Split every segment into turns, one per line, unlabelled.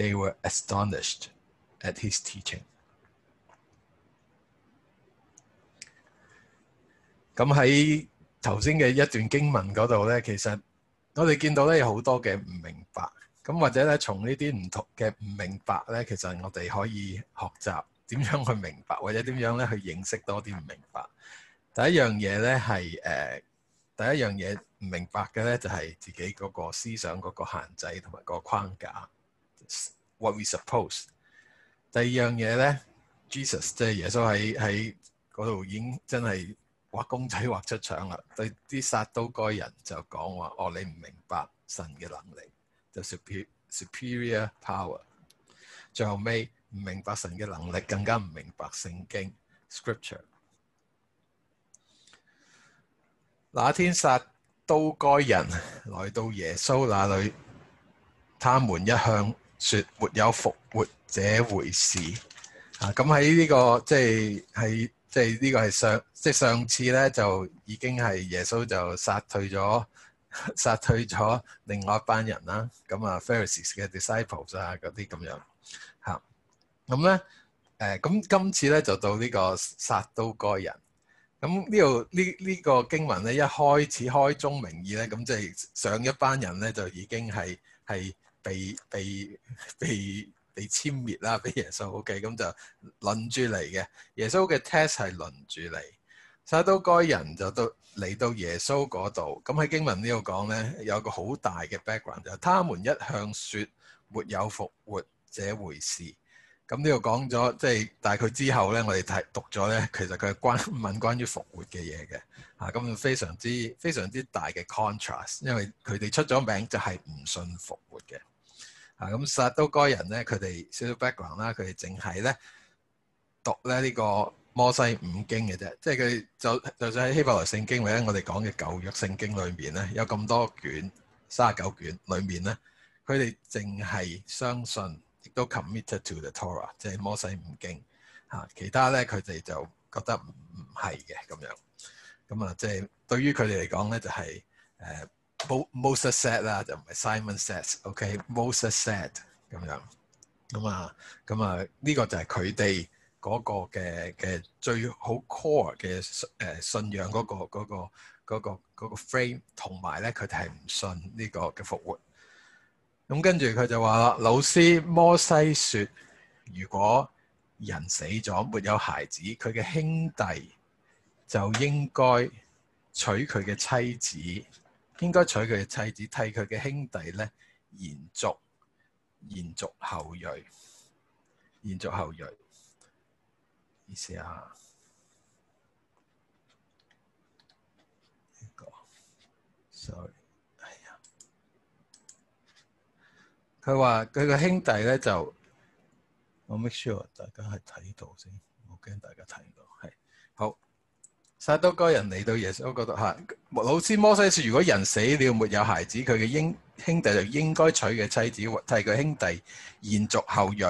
They were astonished at his teaching。咁喺頭先嘅一段經文嗰度呢，其實我哋見到呢有好多嘅唔明白，咁或者呢，從呢啲唔同嘅唔明白呢，其實我哋可以學習點樣去明白，或者點樣呢去認識多啲唔明白。第一樣嘢呢係誒，第一樣嘢唔明白嘅呢，就係自己嗰個思想，嗰個限制同埋個框架。what we suppose。第二樣嘢咧，Jesus 即係耶穌喺喺嗰度已經真係畫公仔畫出場啦。對啲殺刀該人就講話：哦，你唔明白神嘅能力，就 superior power。最後尾唔明白神嘅能力，更加唔明白聖經 scripture。那天殺刀該人來到耶穌那裡，他們一向。說沒有復活這回事啊！咁喺呢個即係喺即係呢個係上即係上次咧就已經係耶穌就殺退咗殺退咗另外一班人啦。咁啊，法利賽嘅 disciples 啊，嗰啲咁樣嚇。咁咧誒，咁今次咧就到呢個撒都該人。咁呢度呢，呢個經文咧一開始，開宗明義咧，咁即係上一班人咧就已經係係。是被被被被殲滅啦，俾耶穌 O.K. 咁就輪住嚟嘅。耶穌嘅 test 係輪住嚟，撒都該人就到嚟到耶穌嗰度。咁喺經文呢度講咧，有個好大嘅 background，就係他們一向說沒有復活這回事。咁呢度講咗，即係但係佢之後咧，我哋睇讀咗咧，其實佢係關問關於復活嘅嘢嘅嚇。咁非常之非常之大嘅 contrast，因為佢哋出咗名就係唔信復活嘅。啊，咁撒都該人咧，佢哋少少 background 啦，佢哋淨係咧讀咧呢、呢個摩西五經嘅啫，即係佢就就喺希伯來聖經或者我哋講嘅舊約聖經裏面咧，有咁多卷三十九卷裏面咧，佢哋淨係相信，亦都 committed to the Torah，即係摩西五經，啊、其他咧佢哋就覺得唔係嘅咁樣。咁啊，即係對於佢哋嚟講咧就係、是呃 Mo、okay? Moses said 啦，就唔係 Simon said。OK，Moses said 咁樣咁啊，咁啊，呢個就係佢哋嗰個嘅嘅最好 core 嘅誒信仰嗰個嗰個嗰個嗰個 frame，同埋咧佢哋係唔信呢個嘅復活。咁跟住佢就話啦：老師摩西說，如果人死咗沒有孩子，佢嘅兄弟就應該娶佢嘅妻子。應該娶佢嘅妻子替佢嘅兄弟咧，延續延續後裔，延續後裔，意思啊，呢、這個，sorry，哎呀，佢話佢嘅兄弟咧就，我 make sure 大家係睇到先，我驚大家睇到。撒都該人嚟到耶穌嗰度嚇，老師摩西說：如果人死了沒有孩子，佢嘅應兄弟就應該娶佢妻子替佢兄弟延續後裔。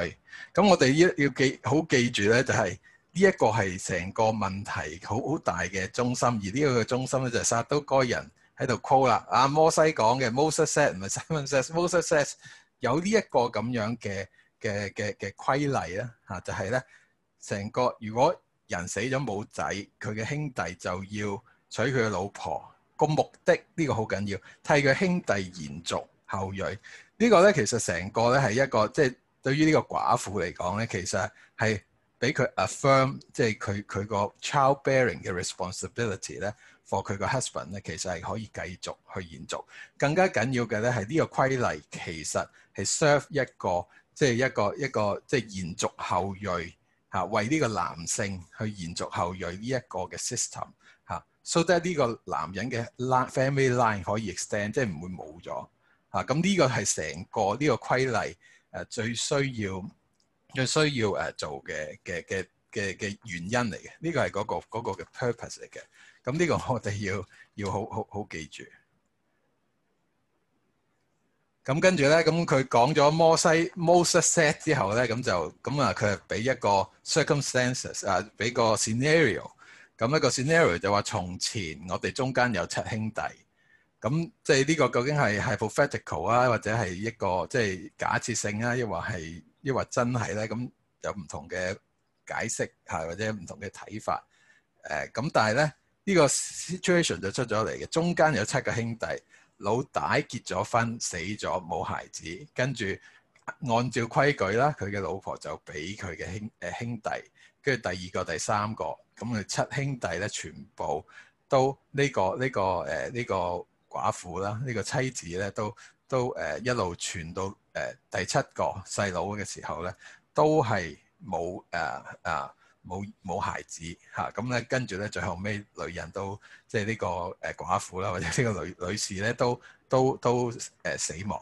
咁我哋要要記好記住咧，就係呢一個係成個問題好好大嘅中心。而呢一個中心咧，就係撒都該人喺度 call 啦。啊，摩西講嘅，Moses said 唔係 Simon says，Moses says 有呢一個咁樣嘅嘅嘅嘅規例啦。嚇，就係咧成個如果。人死咗冇仔，佢嘅兄弟就要娶佢嘅老婆。個目的呢個好緊要，替佢兄弟延續後裔。呢個咧其實成個咧係一個，即係對於呢個寡婦嚟講咧，其實係俾佢 affirm，即係佢佢個 childbearing 嘅 responsibility 咧，for 佢個 husband 咧，其實係可以繼續去延續。更加緊要嘅咧係呢個規例，其實係 serve 一個，即係一個一個即係延續後裔，嚇，為呢個男性去延續後裔呢一個嘅 system 嚇，so that 呢個男人嘅 line family line 可以 extend，即係唔會冇咗嚇。咁呢個係成個呢個規例誒最需要最需要誒做嘅嘅嘅嘅嘅原因嚟嘅。呢個係嗰個嗰個嘅 purpose 嚟嘅。咁呢個我哋要要好好好記住。咁跟住咧，咁佢講咗摩西 Moses 之後咧，咁就咁啊，佢係俾一個 circumstances 啊，俾個 scenario。咁一個 scenario 就話從前我哋中間有七兄弟。咁即係呢個究竟係係 hypothetical 啊，或者係一個即係假設性啊，抑或係抑或真係咧？咁有唔同嘅解釋嚇，或者唔同嘅睇法。誒咁，但係咧呢個 situation 就出咗嚟嘅，中間有七個兄弟。老大結咗婚，死咗冇孩子，跟住按照規矩啦，佢嘅老婆就俾佢嘅兄誒兄弟，跟住第二個、第三個，咁佢七兄弟咧，全部都呢、呢個呢、呢個誒呢、呃呢個寡婦啦，呢、呢個妻子咧，都都誒、呃、一路傳到誒、呃、第七個細佬嘅時候咧，都係冇誒啊！呃呃冇冇孩子吓，咁咧，跟住咧，最後尾女人都即係呢個誒寡婦啦，或者呢個女女士咧，都都都誒死亡。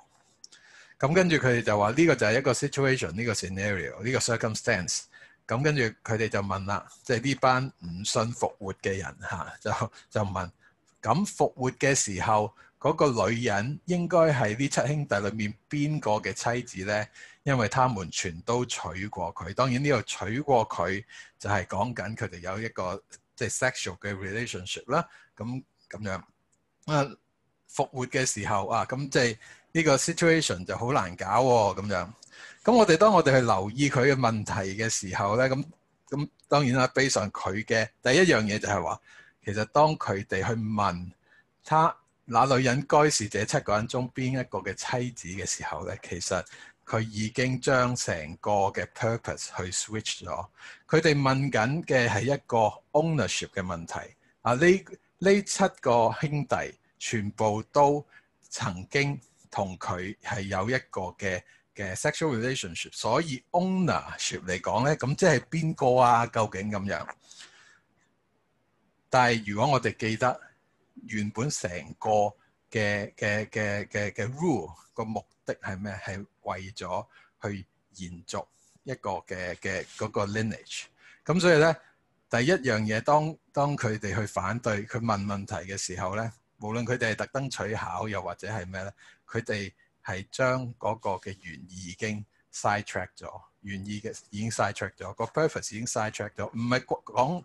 咁跟住佢哋就話呢個就係一個 situation，呢個 scenario，呢個 circumstance。咁跟住佢哋就問啦，即係呢班唔信復活嘅人、啊、就就問咁復活嘅時候。嗰個女人應該係呢七兄弟裏面邊個嘅妻子呢？因為他們全都娶過佢。當然呢個娶過佢就係講緊佢哋有一個即係、就是、sexual 嘅 relationship 啦。咁咁樣啊復活嘅時候啊，咁即係呢個 situation 就好難搞喎、哦。咁樣咁我哋當我哋去留意佢嘅問題嘅時候呢，咁咁當然啦，背上佢嘅第一樣嘢就係話，其實當佢哋去問他。那女人該是這七個人中邊一個嘅妻子嘅時候呢，其實佢已經將成個嘅 purpose 去 switch 咗。佢哋問緊嘅係一個 ownership 嘅問題。啊，呢呢七個兄弟全部都曾經同佢係有一個嘅嘅 sexual relationship，所以 ownership 嚟講呢，咁即係邊個啊？究竟咁樣？但係如果我哋記得。原本成個嘅嘅嘅嘅嘅 rule 個目的係咩？係為咗去延續一個嘅嘅嗰個 lineage。咁所以咧，第一樣嘢，當當佢哋去反對佢問問題嘅時候咧，無論佢哋係特登取巧，又或者係咩咧，佢哋係將嗰個嘅原意已經 side track 咗，原意嘅已經 side track 咗，個 purpose 已經 side track 咗，唔係講。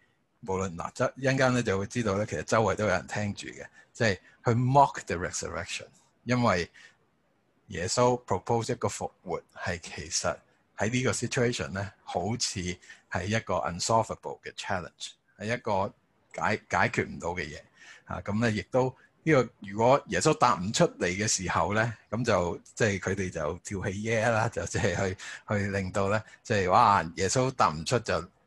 無論嗱，即一陣間咧就會知道咧，其實周圍都有人聽住嘅，即係去 mock the resurrection，因為耶穌 propose 一個復活係其實喺呢個 situation 咧，好似係一個 unsolvable 嘅 challenge，係一個解解決唔到嘅嘢。啊，咁咧亦都呢個如果耶穌答唔出嚟嘅時候咧，咁就即係佢哋就跳起耶啦，就即係去去令到咧，即係哇耶穌答唔出就。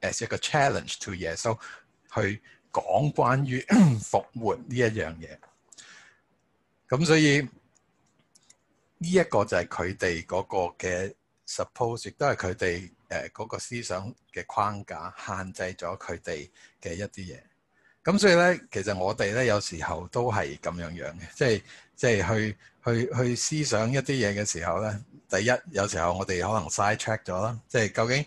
誒一個 challenge to 耶穌、so，去講關於 復活呢一樣嘢，咁所、這個、所以呢一個就係佢哋嗰個嘅 suppose 亦都係佢哋誒嗰個思想嘅框架限制咗佢哋嘅一啲嘢。咁所以咧，其實我哋咧有時候都係咁樣樣嘅，即係即係去去去思想一啲嘢嘅時候咧，第一有時候我哋可能 sidetrack 咗啦，即係、就是、究竟。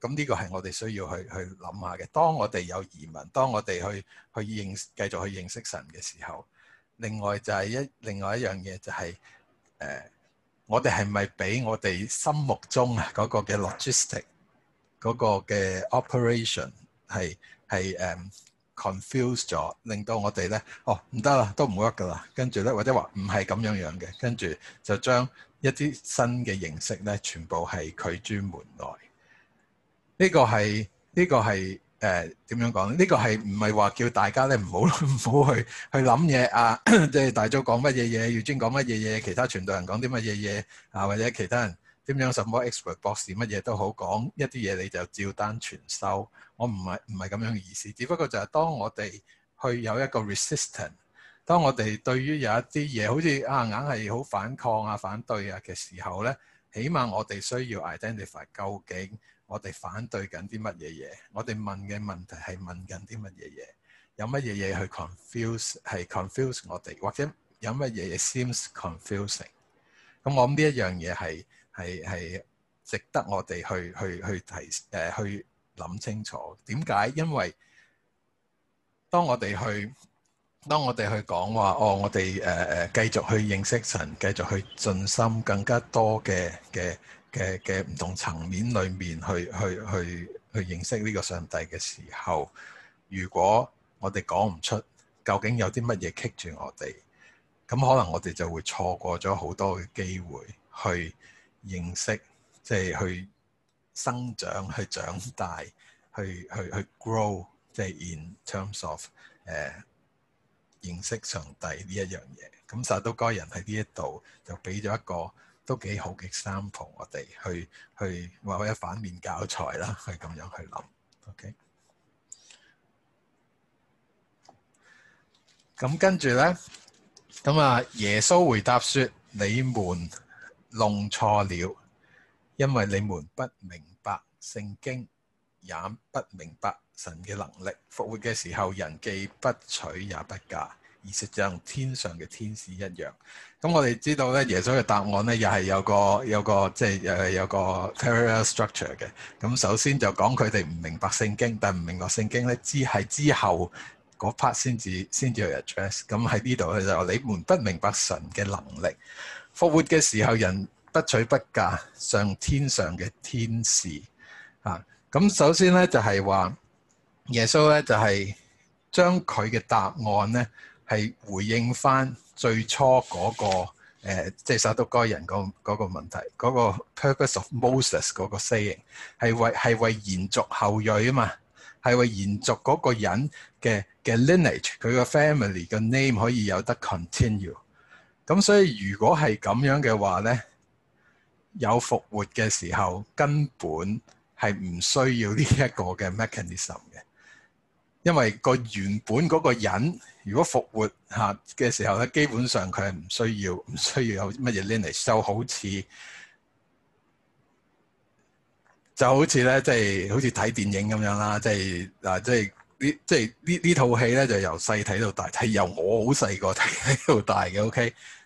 咁呢個係我哋需要去去諗下嘅。當我哋有移民，當我哋去去認繼續去認識神嘅時候，另外就係一另外一樣嘢就係、是、誒、呃，我哋係咪俾我哋心目中啊嗰個嘅 logistic 嗰個嘅 operation 係係誒、um, confuse 咗，令到我哋咧，哦唔得啦，都唔 work 噶啦。跟住咧，或者話唔係咁樣樣嘅，跟住就將一啲新嘅認識咧，全部係拒諸門外。這個是這個是呃、呢、這個係呢個係誒點樣講？呢個係唔係話叫大家咧唔好唔好去去諗嘢啊？即係 大早講乜嘢嘢，要專講乜嘢嘢，其他傳道人講啲乜嘢嘢啊，或者其他人點樣什麼 expert 博士乜嘢都好，講一啲嘢你就照單全收。我唔係唔係咁樣嘅意思，只不過就係當我哋去有一個 resistant，當我哋對於有一啲嘢好似啊硬係好反抗啊反對啊嘅時候咧，起碼我哋需要 identify 究竟。我哋反對緊啲乜嘢嘢？我哋問嘅問題係問緊啲乜嘢嘢？有乜嘢嘢去 confuse 係 confuse 我哋？或者有乜嘢嘢 seems confusing？咁我諗呢一樣嘢係係係值得我哋去去去提誒、呃、去諗清楚點解？因為當我哋去當我哋去講話哦，我哋誒誒繼續去認識神，繼續去盡心更加多嘅嘅。嘅嘅嘅唔同層面裏面去去去去認識呢個上帝嘅時候，如果我哋講唔出究竟有啲乜嘢棘住我哋，咁可能我哋就會錯過咗好多嘅機會去認識，即係去生長、去長大、去去去 grow，即係 in terms of 誒、uh，認識上帝呢一樣嘢。咁實都該人喺呢一度就俾咗一個。都幾好嘅 example，我哋去去或者反面教材啦，去咁樣去諗。OK，咁跟住呢，咁啊耶穌回答說： 你們弄錯了，因為你們不明白聖經，也不明白神嘅能力。復活嘅時候，人既不娶也不嫁。其實像天上嘅天使一樣，咁我哋知道咧，耶穌嘅答案咧，又係有個有個即係誒有個 terrier structure 嘅。咁首先就講佢哋唔明白聖經，但唔明白聖經咧，只係之後嗰 part 先至先至有 address。咁喺呢度佢就：你們不明白神嘅能力，復活嘅時候人不娶不嫁，上天上嘅天使啊。咁首先咧就係話耶穌咧就係將佢嘅答案咧。係回應翻最初嗰、嗰個、呃、即係撒都該人嗰個、嗰個問題，嗰、嗰個 purpose of Moses 嗰個 saying 係為，係為延續後裔啊嘛，係為延續嗰個人嘅嘅 lineage，佢個 family 嘅 name 可以有得 continue。咁所以如果係咁樣嘅話咧，有復活嘅時候根本係唔需要呢一個嘅 mechanism 嘅。因為個原本嗰個人如果復活嚇嘅時候咧，基本上佢係唔需要唔需要有乜嘢 link 嚟收，就好似就好似咧，即係好似睇電影咁樣啦，即係嗱，即係呢即係呢呢套戲咧，就由細睇到大睇，由我好細個睇睇到大嘅，OK。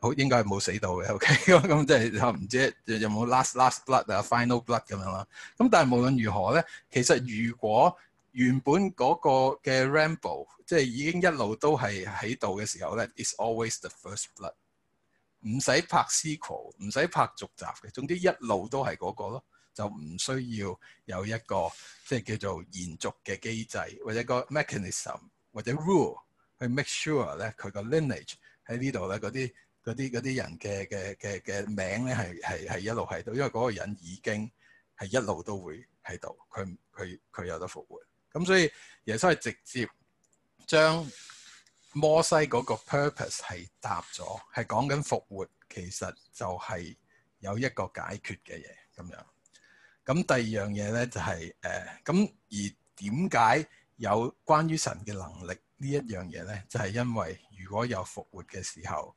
好應該係冇死到嘅，OK 咁即係又唔知有冇 last last blood 啊，final blood 咁樣啦。咁但係無論如何咧，其實如果原本嗰個嘅 Rambo 即係已經一路都係喺度嘅時候咧，is always the first blood，唔使拍 sequel，唔使拍續集嘅，總之一路都係嗰個咯，就唔需要有一個即係、就是、叫做延續嘅機制或者個 mechanism 或者 rule 去 make sure 咧佢個 lineage 喺呢度咧嗰啲。嗰啲嗰啲人嘅嘅嘅嘅名咧，係係係一路喺度，因為嗰個人已經係一路都會喺度。佢佢佢有得復活咁，所以耶穌係直接將摩西嗰個 purpose 係答咗，係講緊復活，其實就係有一個解決嘅嘢咁樣，咁第二樣嘢咧就係誒咁，而點解有關於神嘅能力呢一樣嘢咧，就係因為如果有復活嘅時候。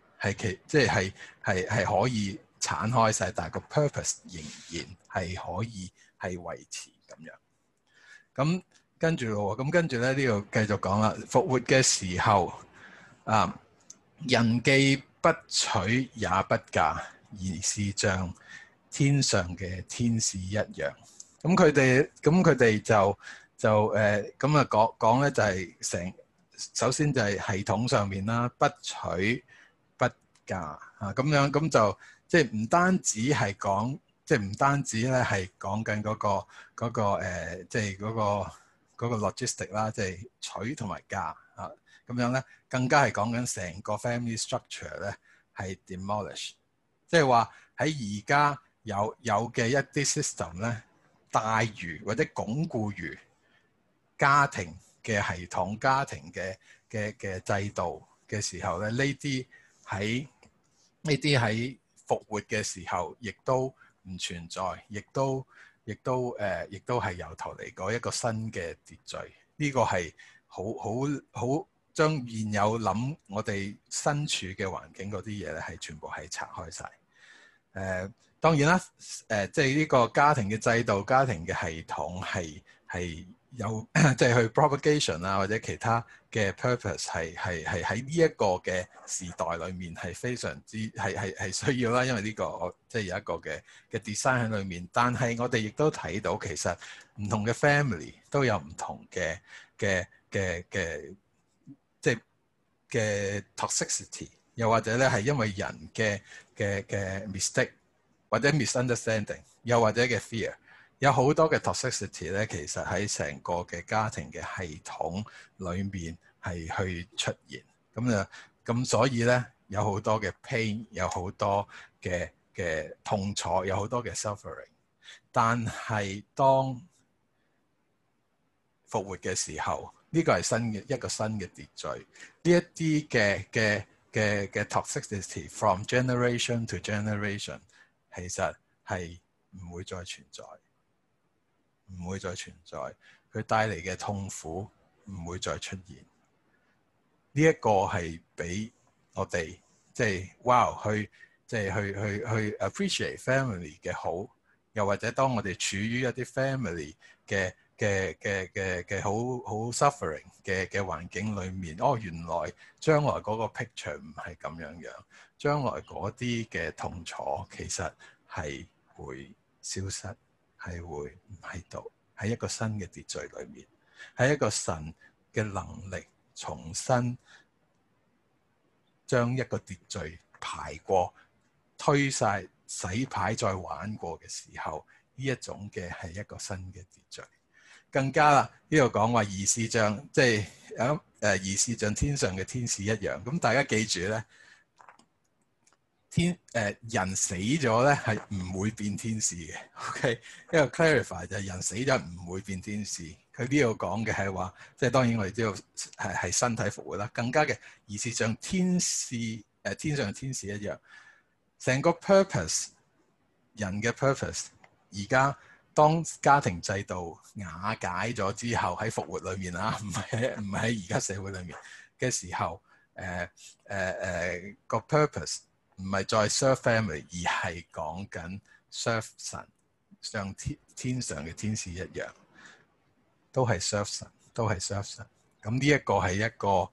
係其即係係係可以剷開晒，但係個 purpose 仍然係可以係維持咁樣。咁跟住咯，咁跟住咧呢度繼續講啦。復活嘅時候啊，人既不娶也不嫁，而是像天上嘅天使一樣。咁佢哋咁佢哋就就誒咁啊講講咧，就係成、呃就是、首先就係系統上面啦，不娶。啊，嚇咁樣咁就即係唔單止係講，即係唔單止咧係講緊嗰個嗰、誒即係嗰個嗰個 logistic 啦，即係、那個那個、取同埋加啊，咁樣咧更加係講緊成個 family structure 咧係 demolish，即係話喺而家有有嘅一啲 system 咧，大於或者鞏固於家庭嘅系統、家庭嘅嘅嘅制度嘅時候咧，呢啲喺呢啲喺復活嘅時候，亦都唔存在，亦都，亦都，誒、呃，亦都係由頭嚟過一個新嘅秩序。呢個係好好好，將現有諗我哋身處嘅環境嗰啲嘢咧，係全部係拆開晒。誒、呃，當然啦，誒、呃，即係呢個家庭嘅制度、家庭嘅系統係係。是有即係、就是、去 propagation 啊，或者其他嘅 purpose 係係係喺呢一個嘅時代裏面係非常之係係係需要啦，因為呢、這個即係、就是、有一個嘅嘅 design 喺裏面。但係我哋亦都睇到其實唔同嘅 family 都有唔同嘅嘅嘅嘅，即係嘅 toxicity，又或者咧係因為人嘅嘅嘅 mistake 或者 misunderstanding，又或者嘅 fear。有好多嘅 toxicity 咧，其實喺成個嘅家庭嘅系統裏面係去出現，咁就咁所以咧有好多嘅 pain，有好多嘅嘅痛楚，有好多嘅 suffering。但係當復活嘅時候，呢、這個係新嘅一個新嘅秩序。呢一啲嘅嘅嘅嘅 toxicity from generation to generation，其實係唔會再存在。唔會再存在，佢帶嚟嘅痛苦唔會再出現。呢一個係俾我哋即係 Wow，去即係、就是、去去去 appreciate family 嘅好，又或者當我哋處於一啲 family 嘅嘅嘅嘅嘅好好 suffering 嘅嘅環境裡面，哦，原來將來嗰個 picture 唔係咁樣樣，將來嗰啲嘅痛楚其實係會消失。係會唔喺度，喺一個新嘅秩序裏面，喺一個神嘅能力重新將一個秩序排過，推晒洗牌再玩過嘅時候，呢一種嘅係一個新嘅秩序。更加啦，呢度講話二視像，即係咁誒，二、呃、視像天上嘅天使一樣。咁大家記住咧。天誒、呃、人死咗咧係唔會變天使嘅，OK？一個 clarify 就係、是、人死咗唔會變天使。佢呢度講嘅係話，即、就、係、是就是、當然我哋知道係係身體復活啦，更加嘅，而是像天使誒、呃、天上嘅天使一樣，成個 purpose 人嘅 purpose 而家當家庭制度瓦解咗之後，喺復活裏面啊，唔係喺唔係喺而家社會裏面嘅時候，誒誒誒個 purpose。唔係再 serve family，而係講緊 serve 神，像天天上嘅天使一樣，都係 serve 神，都係 serve 神。咁呢一個係一個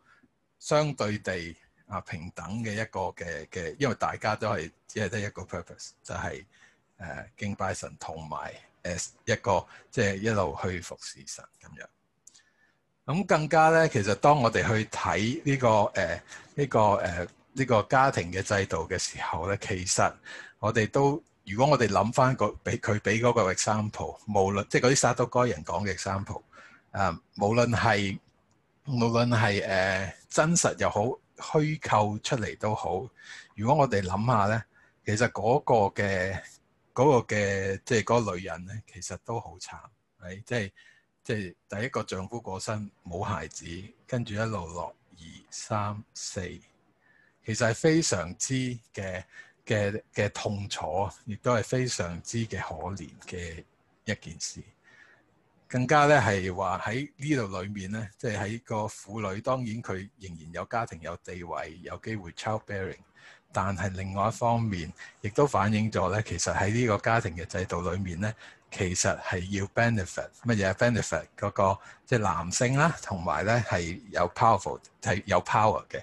相對地啊平等嘅一個嘅嘅，因為大家都係只係得一個 purpose，就係誒敬拜神，同埋誒一個即係、就是、一路去服侍神咁樣。咁更加咧，其實當我哋去睇呢、呢個誒呢、呃呢個誒。呃呢個家庭嘅制度嘅時候咧，其實我哋都如果我哋諗翻個俾佢俾嗰個 example，無論即係嗰啲撒都該人講嘅 example，啊，無論係、即係、無論係誒真實又好，虛構出嚟都好。如果我哋諗下咧，其實嗰個嘅嗰、嗰個嘅即係嗰個女人咧，其實都好慘，係即係即係第一個丈夫過身冇孩子，跟住一路落二三四。其實係非常之嘅嘅嘅痛楚，亦都係非常之嘅可憐嘅一件事。更加咧係話喺呢度裏面咧，即係喺個婦女當然佢仍然有家庭、有地位、有機會 childbearing，但係另外一方面亦都反映咗咧，其實喺呢個家庭嘅制度裏面咧，其實係要 benefit 乜嘢 benefit 嗰個即係男性啦、啊，同埋咧係有 powerful 係有 power 嘅。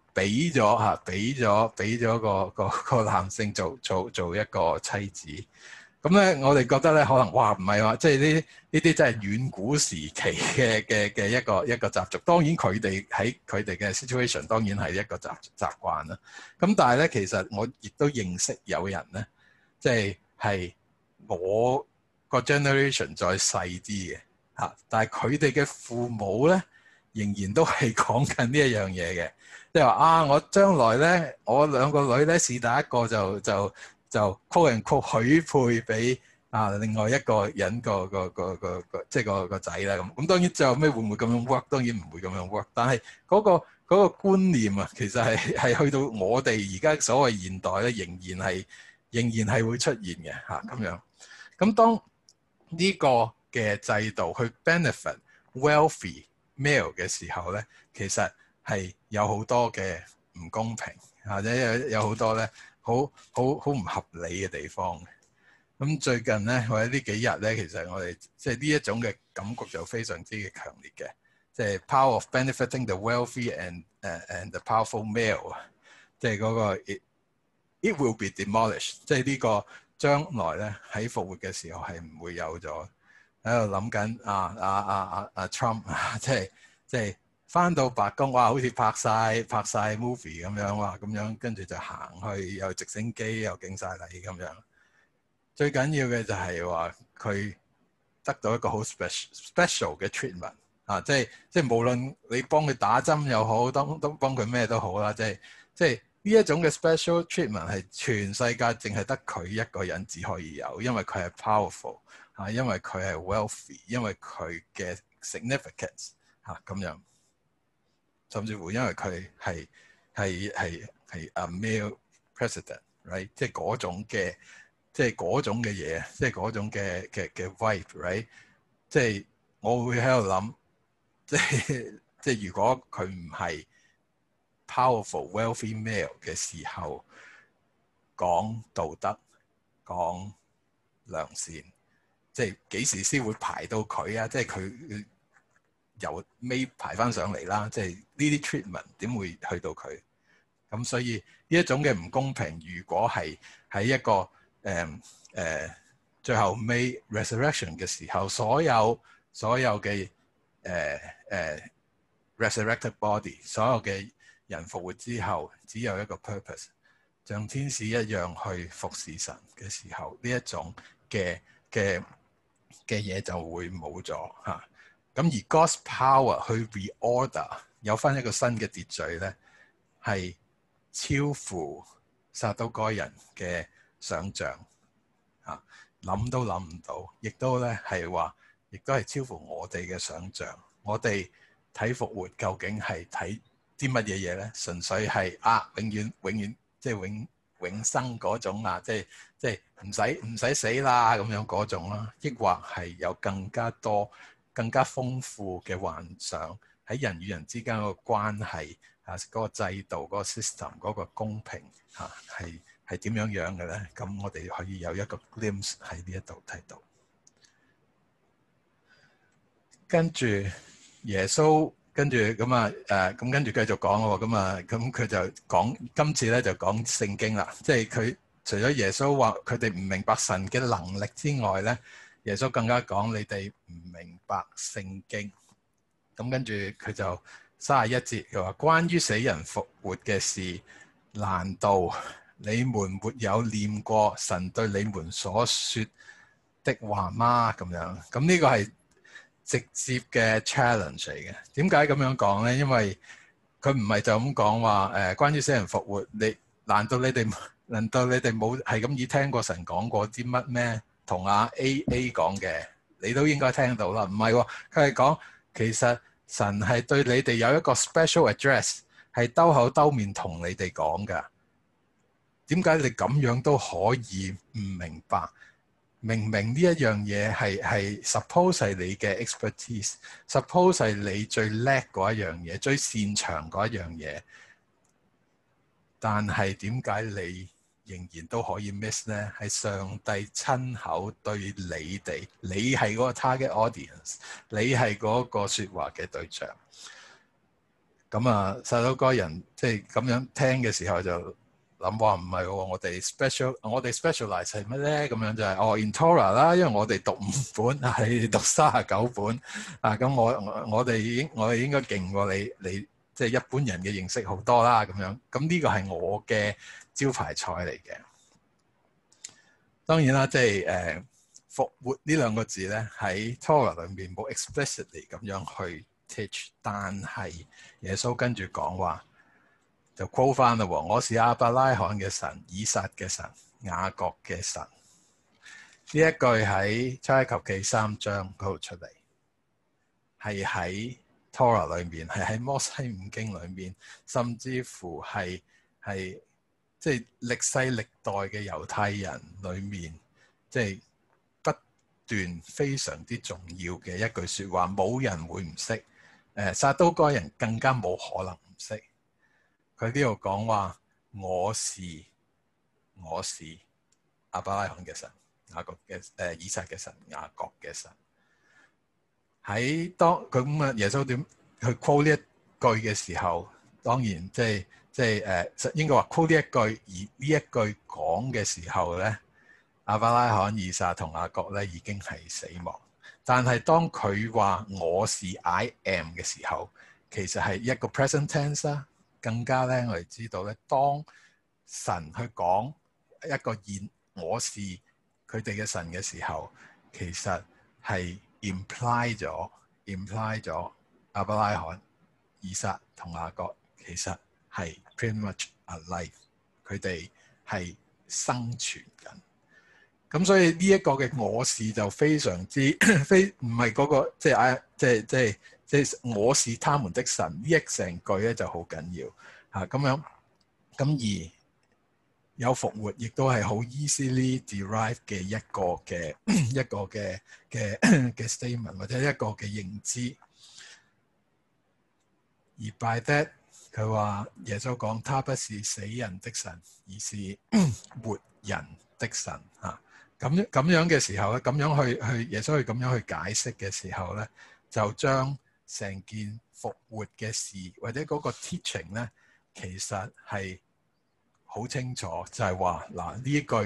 俾咗嚇，俾咗俾咗個個個男性做做做一個妻子咁咧。我哋覺得咧，可能哇唔係話，即係呢呢啲真係遠古時期嘅嘅嘅一個一個習俗。當然佢哋喺佢哋嘅 situation 當然係一個習習慣啦。咁但係咧，其實我亦都認識有人咧，即係係我個 generation 再細啲嘅嚇，但係佢哋嘅父母咧仍然都係講緊呢一樣嘢嘅。即係話啊！我將來咧，我兩個女咧，是第一個就就就 call 人 call 許配俾啊另外一個人個個個個即個即係個個仔啦咁。咁、啊、當然最就咩會唔會咁樣 work？當然唔會咁樣 work 但、那個。但係嗰個嗰個觀念啊，啊，其實係係去到我哋而家所謂現代咧，仍然係仍然係會出現嘅嚇咁樣。咁當呢個嘅制度去 benefit wealthy male 嘅時候咧，其實～係有好多嘅唔公平，或者有有好多咧好好好唔合理嘅地方。咁最近咧或者呢幾日咧，其實我哋即係呢一種嘅感覺就非常之嘅強烈嘅。即係 power of benefiting the wealthy and 誒誒 the powerful male，即係嗰個 it it will be demolished。即係呢個將來咧喺復活嘅時候係唔會有咗喺度諗緊啊啊啊啊啊 Trump 啊，即係即係。啊啊啊 Trump，就是就是翻到白宮，哇！好似拍晒拍晒 movie 咁樣哇，咁樣跟住就行去，又直升機又敬晒禮咁樣。最緊要嘅就係話佢得到一個好 special special 嘅 treatment 啊，即係即係無論你幫佢打針又好，當當幫佢咩都好啦，即係即係呢一種嘅 special treatment 係全世界淨係得佢一個人只可以有，因為佢係 powerful 啊，因為佢係 wealthy，因為佢嘅 significance 嚇、啊、咁樣。甚至乎因為佢係係係係 a male president right，即係嗰種嘅，即係嗰種嘅嘢，即係嗰種嘅嘅嘅 wife right，即係我會喺度諗，即係即係如果佢唔係 powerful wealthy male 嘅時候講道德講良善，即係幾時先會排到佢啊？即係佢。由尾排翻上嚟啦，即係呢啲 treatment 點會去到佢？咁所以呢一種嘅唔公平，如果係喺一個誒誒、呃呃、最尾 resurrection 嘅時候，所有所有嘅誒誒、呃呃、resurrected body，所有嘅人復活之後只有一個 purpose，像天使一樣去服侍神嘅時候，呢一種嘅嘅嘅嘢就會冇咗吓。咁而 God's power 去 reorder 有翻一個新嘅秩序咧，係超乎撒都該人嘅想像啊，諗都諗唔到，亦都咧係話，亦都係超乎我哋嘅想像。我哋睇復活究竟係睇啲乜嘢嘢咧？純粹係啊，永遠永遠即係永永生嗰種啊，即係即係唔使唔使死啦咁樣嗰種啦，抑或係有更加多？更加豐富嘅幻想喺人與人之間個關係啊，嗰、那個制度、嗰、那個 system、嗰個公平嚇係係點樣樣嘅咧？咁我哋可以有一個 glimpse 喺呢一度睇到。跟住耶穌，跟住咁啊誒，咁跟住繼續講喎。咁啊，咁、啊、佢、啊啊啊、就講今次咧就講聖經啦。即係佢除咗耶穌話佢哋唔明白神嘅能力之外咧。耶穌更加講，你哋唔明白聖經，咁跟住佢就三十一節佢話，關於死人復活嘅事，難道你們沒有念過神對你們所說的話嗎？咁樣，咁呢個係直接嘅 challenge 嚟嘅。點解咁樣講呢？因為佢唔係就咁講話，誒、呃，關於死人復活，你難道你哋難道你哋冇係咁意聽過神講過啲乜咩？同阿 A A 講嘅，你都應該聽到啦。唔係、哦，佢係講其實神係對你哋有一個 special address，係兜口兜面同你哋講嘅。點解你咁樣都可以唔明白？明明呢一樣嘢係係 suppose 係你嘅 expertise，suppose 係你最叻嗰一樣嘢，最擅長嗰一樣嘢，但係點解你？仍然都可以 miss 咧，係上帝親口對你哋，你係嗰個 target audience，你係嗰個説話嘅對象。咁啊，細佬哥人即係咁樣聽嘅時候就諗話唔係喎，我哋 special，我哋 specialized 係乜咧？咁樣就係、是、哦 in Torah 啦，因為我哋讀五本你哋讀三啊九本啊，咁我我我哋應我哋應該勁過你你。你即係一般人嘅認識好多啦，咁樣咁呢個係我嘅招牌菜嚟嘅。當然啦，即係誒、呃、復活呢兩個字咧，喺《Torah》裏面冇 explicitly 咁樣去 teach，但係耶穌跟住講話就 call 翻啦喎，我是亞伯拉罕嘅神、以撒嘅神、雅各嘅神。呢一句喺《出埃及記》三章嗰度出嚟，係喺《Torah》裏面係喺《摩西五經》裏面，甚至乎係係即係歷世歷代嘅猶太人裏面，即係不斷非常之重要嘅一句説話，冇人會唔識。誒撒都該人更加冇可能唔識。佢呢度講話：我是我是亞伯拉罕嘅神，雅各嘅誒，以撒嘅神，雅各嘅神。喺當佢咁啊，耶穌點去 call 呢一句嘅時候，當然即係即係誒，應該話 call 呢一句而呢一句講嘅時候咧，亞伯拉罕、以撒同雅各咧已經係死亡。但係當佢話我是 I am 嘅時候，其實係一個 present tense 啦。更加咧，我哋知道咧，當神去講一個現我是佢哋嘅神嘅時候，其實係。Imply 咗，Imply 咗，亞伯拉罕、以撒同雅各其實係 pretty much alive，佢哋係生存緊。咁所以呢一個嘅我是就非常之非，唔係嗰個即係啊即係即係即係我是他們的神，呢成句咧就好緊要嚇咁、啊、樣咁而。而有復活，亦都係好 easily derive 嘅一個嘅一個嘅嘅嘅 statement，或者一個嘅認知。而 by that，佢話耶穌講：他不是死人的神，而是活人的神。嚇咁咁樣嘅時候咧，咁樣去去耶穌去咁樣去解釋嘅時候咧，就將成件復活嘅事，或者嗰個 teaching 咧，其實係。好清楚就係話嗱呢一句，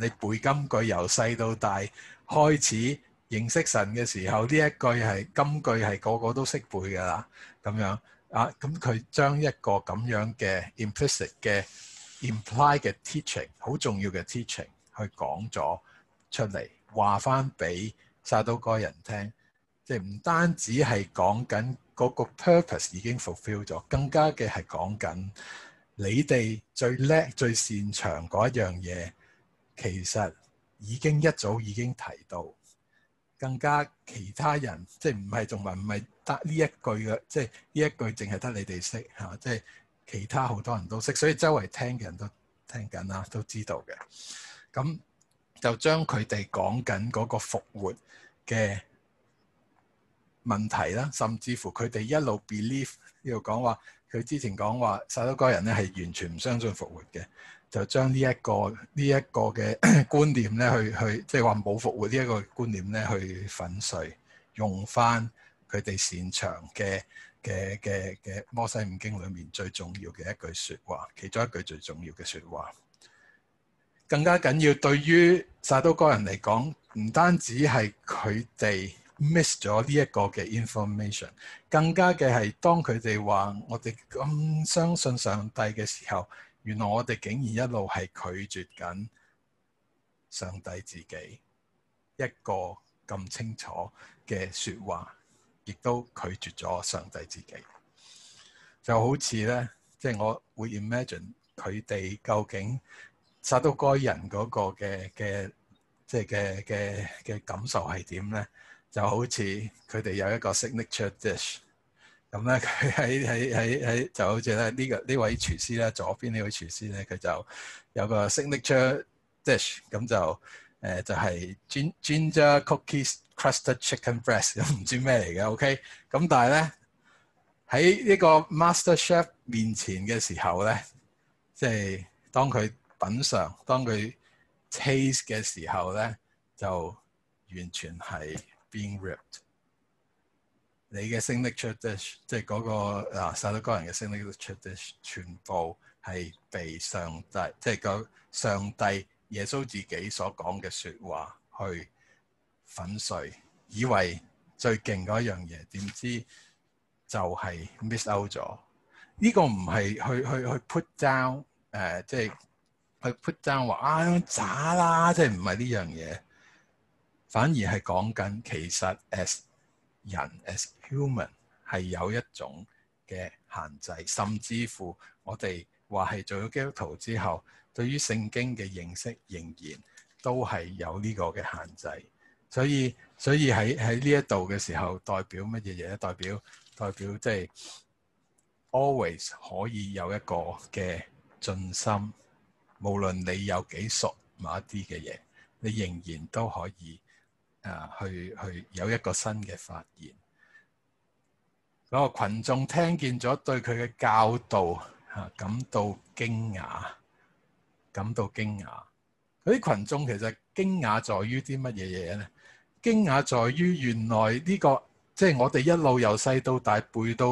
你背金句由細到大開始認識神嘅時候，呢一句係金句係個個都識背㗎啦，咁樣啊，咁佢將一個咁樣嘅 implicit 嘅、implied 嘅 teaching，好重要嘅 teaching，去講咗出嚟，話翻俾撒都該人聽，即係唔單止係講緊嗰個 purpose 已經 fulfilled 咗，更加嘅係講緊。你哋最叻、最擅長嗰一樣嘢，其實已經一早已經提到。更加其他人即係唔係仲唔係得呢一句嘅，即係呢一句淨係得你哋識吓，即係其他好多人都識，所以周圍聽嘅人都聽緊啦，都知道嘅。咁就將佢哋講緊嗰個復活嘅問題啦，甚至乎佢哋一路 believe 要講話。佢之前講話，撒都該人咧係完全唔相信復活嘅，就將呢一個呢一個嘅 觀念咧，去去即係話冇復活呢一個觀念咧，去粉碎，用翻佢哋擅長嘅嘅嘅嘅摩西五經裏面最重要嘅一句說話，其中一句最重要嘅說話，更加緊要對於撒都該人嚟講，唔單止係佢哋。miss 咗呢一個嘅 information，更加嘅係當佢哋話我哋咁相信上帝嘅時候，原來我哋竟然一路係拒絕緊上帝自己一個咁清楚嘅説話，亦都拒絕咗上帝自己，就好似咧，即係我會 imagine 佢哋究竟殺到該人嗰個嘅嘅即係嘅嘅嘅感受係點咧？就好似佢哋有一個 signature dish，咁咧佢喺喺喺喺就好似咧呢個呢位廚師咧，左邊呢位廚師咧，佢就有個 signature dish，咁就誒、呃、就係、是、ginger cookies crusted chicken breast，都唔知咩嚟嘅。OK，咁但係咧喺呢個 master chef 面前嘅時候咧，即、就、係、是、當佢品嚐、當佢 taste 嘅時候咧，就完全係。Being ripped，你嘅 signature dish 即即係嗰個嗱，撒旦嗰人嘅 signature dish，即係全部係被上帝，即、就、係、是、個上帝耶穌自己所講嘅說話去粉碎，以為最勁嗰一樣嘢，點知就係 miss out 咗。呢、這個唔係去去去 put down，誒、呃，即、就、係、是、去 put down，話啊咁渣啦，DB，即係唔係呢樣嘢。反而係講緊，其實 as 人 as human 係有一種嘅限制，甚至乎我哋話係做咗基督徒之後，對於聖經嘅認識仍然都係有呢個嘅限制。所以所以喺喺呢一度嘅時候，代乜嘢，代表乜嘢嘢？代表代表即係 always 可以有一個嘅進心，無論你有幾熟某一啲嘅嘢，你仍然都可以。啊、去去有一個新嘅發現，嗰、那個羣眾聽見咗對佢嘅教導嚇、啊，感到驚訝，感到驚訝。嗰啲群眾其實驚訝在於啲乜嘢嘢咧？驚訝在於原來呢、這個即係、就是、我哋一路由細到大背到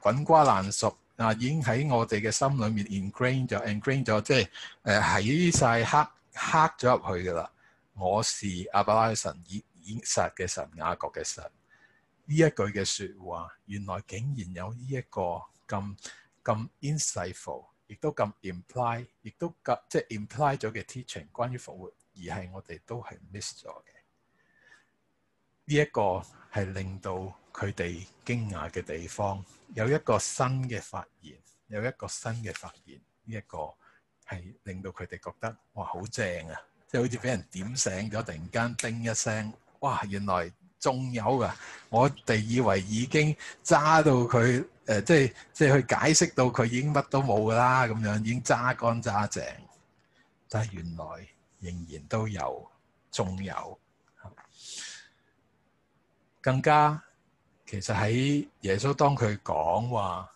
滾瓜爛熟啊，已經喺我哋嘅心裏面 ingrain 咗、ingrain 咗，即係誒喺晒黑黑咗入去噶啦。我是阿伯拉罕神現實嘅神，雅各嘅神，呢一句嘅説話，原來竟然有呢一個咁咁 insightful，亦都咁 imply，亦都即係 imply 咗嘅 teaching 關於復活，而係我哋都係 miss 咗嘅。呢一個係令到佢哋驚訝嘅地方，有一個新嘅發現，有一個新嘅發現。呢一個係令到佢哋覺得哇好正啊！即係好似俾人點醒咗，突然間叮一聲。哇！原來仲有噶，我哋以為已經揸到佢誒、呃，即係即係去解釋到佢已經乜都冇噶啦，咁樣已經揸乾揸淨，但係原來仍然都有，仲有更加。其實喺耶穌當佢講話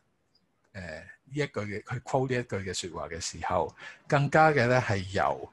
誒呢一句嘅，佢 quote 呢一句嘅説話嘅時候，更加嘅咧係由，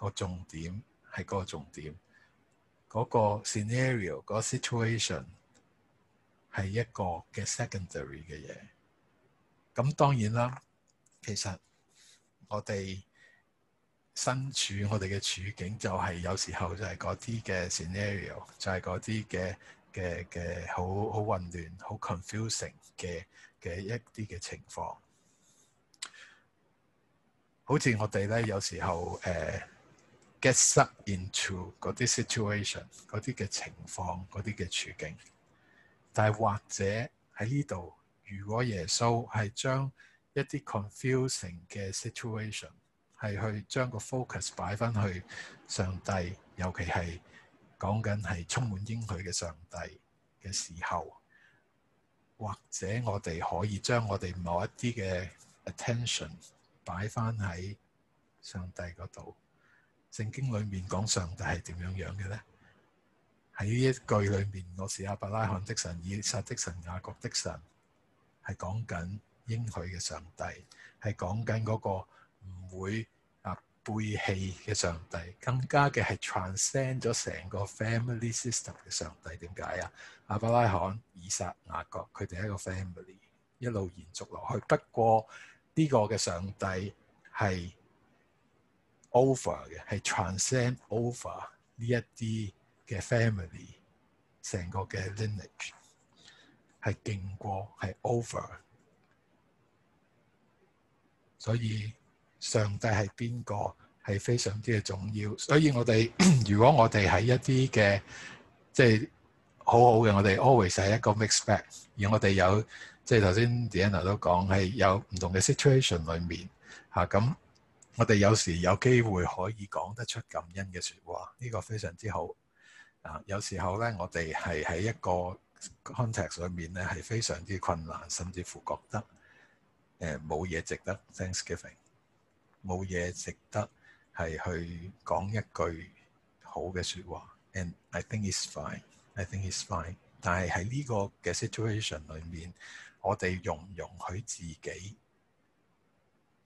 個重點係個重點，嗰個 scenario、嗰個 situation 係一個嘅 secondary 嘅嘢。咁當然啦，其實我哋身處我哋嘅處境，就係有時候就係嗰啲嘅 scenario，就係嗰啲嘅嘅嘅好好混亂、好 confusing 嘅嘅一啲嘅情況。好似我哋咧，有時候、呃 S get stuck into 嗰啲 situation，嗰啲嘅情況，嗰啲嘅處境。但係或者喺呢度，如果耶穌係將一啲 confusing 嘅 situation 係去將個 focus 擺翻去上帝，尤其係講緊係充滿應許嘅上帝嘅時候，或者我哋可以將我哋某一啲嘅 attention 擺翻喺上帝嗰度。聖經裏面講上帝係點樣樣嘅呢？喺呢一句裏面，我是亞伯拉罕的神，以撒的神，雅各的神，係講緊應許嘅上帝，係講緊嗰個唔會啊背棄嘅上帝，更加嘅係 transcend 咗成個 family system 嘅上帝。點解啊？亞伯拉罕、以撒、雅各，佢哋一個 family，一路延續落去。不過呢個嘅上帝係 over 嘅係 transcend over 呢一啲嘅 family 成個嘅 lineage 係勁過係 over，所以上帝係邊個係非常之嘅重要。所以我哋如果我哋喺一啲嘅即係好好嘅，我哋 always 係一個 mixed bag，而我哋有即係頭先 Diana 都講係有唔同嘅 situation 裏面吓咁。啊我哋有時有機會可以講得出感恩嘅説話，呢、這個非常之好。啊，有時候呢，我哋係喺一個 context 裏面呢係非常之困難，甚至乎覺得冇嘢、呃、值得 Thanksgiving，冇嘢值得係去講一句好嘅説話。And I think it's fine. I think it's fine. 但係喺呢個嘅 situation 裏面，我哋容唔容許自己？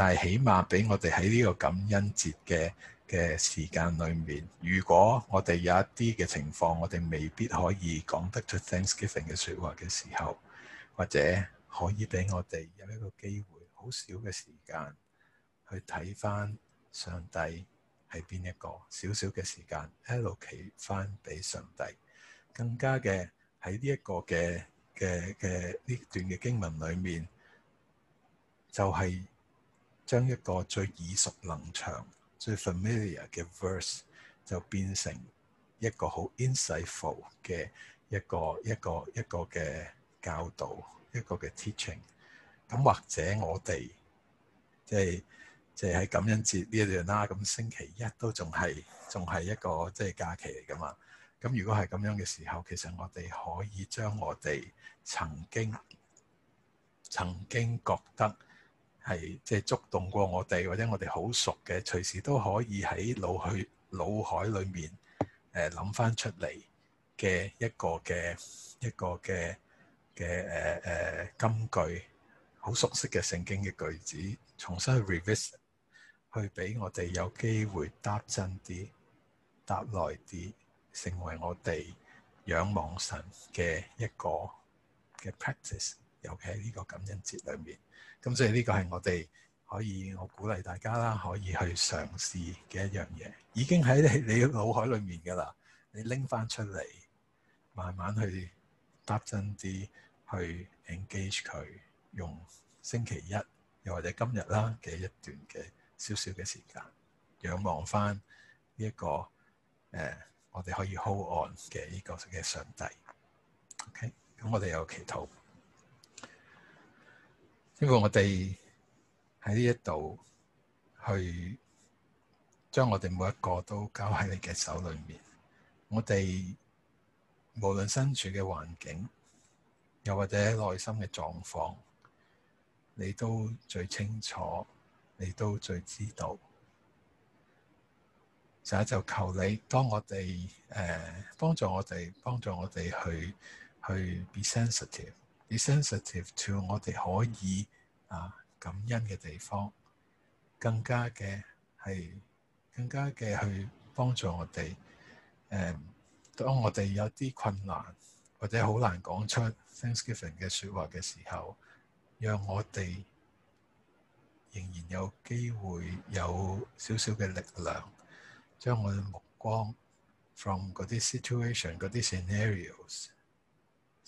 但係，起碼俾我哋喺呢個感恩節嘅嘅時間裏面，如果我哋有一啲嘅情況，我哋未必可以講得出 Thanksgiving 嘅説話嘅時候，或者可以俾我哋有一個機會，好少嘅時間去睇翻上帝係邊一個，少少嘅時間喺度企翻俾上帝，更加嘅喺呢一個嘅嘅嘅呢段嘅經文裏面，就係、是。將一個最耳熟能詳、最 familiar 嘅 verse 就變成一個好 insightful 嘅一個一個一個嘅教導，一個嘅 teaching。咁或者我哋即係即係喺感恩節呢一段啦，咁星期一都仲係仲係一個即係假期嚟㗎嘛。咁如果係咁樣嘅時候，其實我哋可以將我哋曾經曾經覺得，係即係觸動過我哋，或者我哋好熟嘅，隨時都可以喺腦去腦海裡面誒諗翻出嚟嘅一個嘅一個嘅嘅誒誒金句，好熟悉嘅聖經嘅句子，重新去 revisit，去俾我哋有機會搭真啲、搭耐啲，成為我哋仰望神嘅一個嘅 practice。尤其喺呢個感恩節裏面，咁所以呢個係我哋可以我鼓勵大家啦，可以去嘗試嘅一樣嘢，已經喺你你腦海裏面㗎喇。你拎翻出嚟，慢慢去搭真啲，去 engage 佢，用星期一又或者今日啦嘅一段嘅少少嘅時間，仰望翻呢一個誒、呃，我哋可以 hold on 嘅呢個嘅上帝。OK，咁我哋有祈禱。因為我哋喺呢一度去將我哋每一個都交喺你嘅手裏面，我哋無論身處嘅環境，又或者內心嘅狀況，你都最清楚，你都最知道。就就求你，當我哋誒幫助我哋，幫助我哋去去 be sensitive。Be sensitive to 我哋可以啊感恩嘅地方，更加嘅係更加嘅去幫助我哋。誒、um，當我哋有啲困難或者好難講出 Thanksgiving 嘅說話嘅時候，讓我哋仍然有機會有少少嘅力量，將我哋嘅目光 from 嗰啲 situation 嗰啲 scenarios。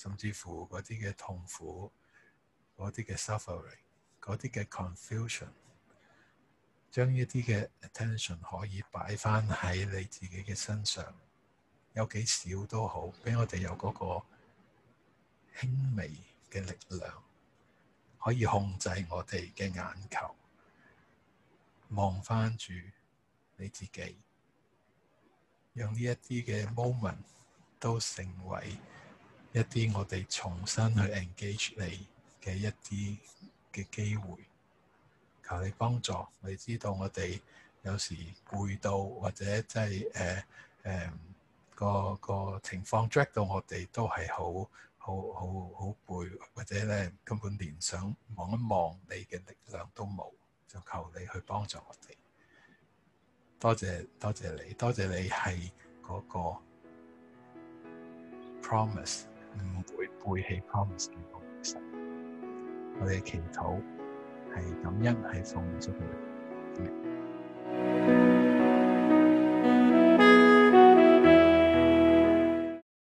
甚至乎嗰啲嘅痛苦，嗰啲嘅 suffering，嗰啲嘅 confusion，將一啲嘅 attention 可以擺翻喺你自己嘅身上，有幾少都好，俾我哋有嗰個輕微嘅力量，可以控制我哋嘅眼球，望翻住你自己，讓呢一啲嘅 moment 都成為。一啲我哋重新去 engage 你嘅一啲嘅機會，求你幫助。你知道我哋有時攰到，或者即係誒誒個個情況 drag 到我哋都係好好好好攰，或者咧根本連想望一望你嘅力量都冇，就求你去幫助我哋。多謝多謝你，多謝你係嗰個 promise。唔會背棄 promise 嘅，其實我哋嘅祈禱係感恩，係奉獻咗嘅。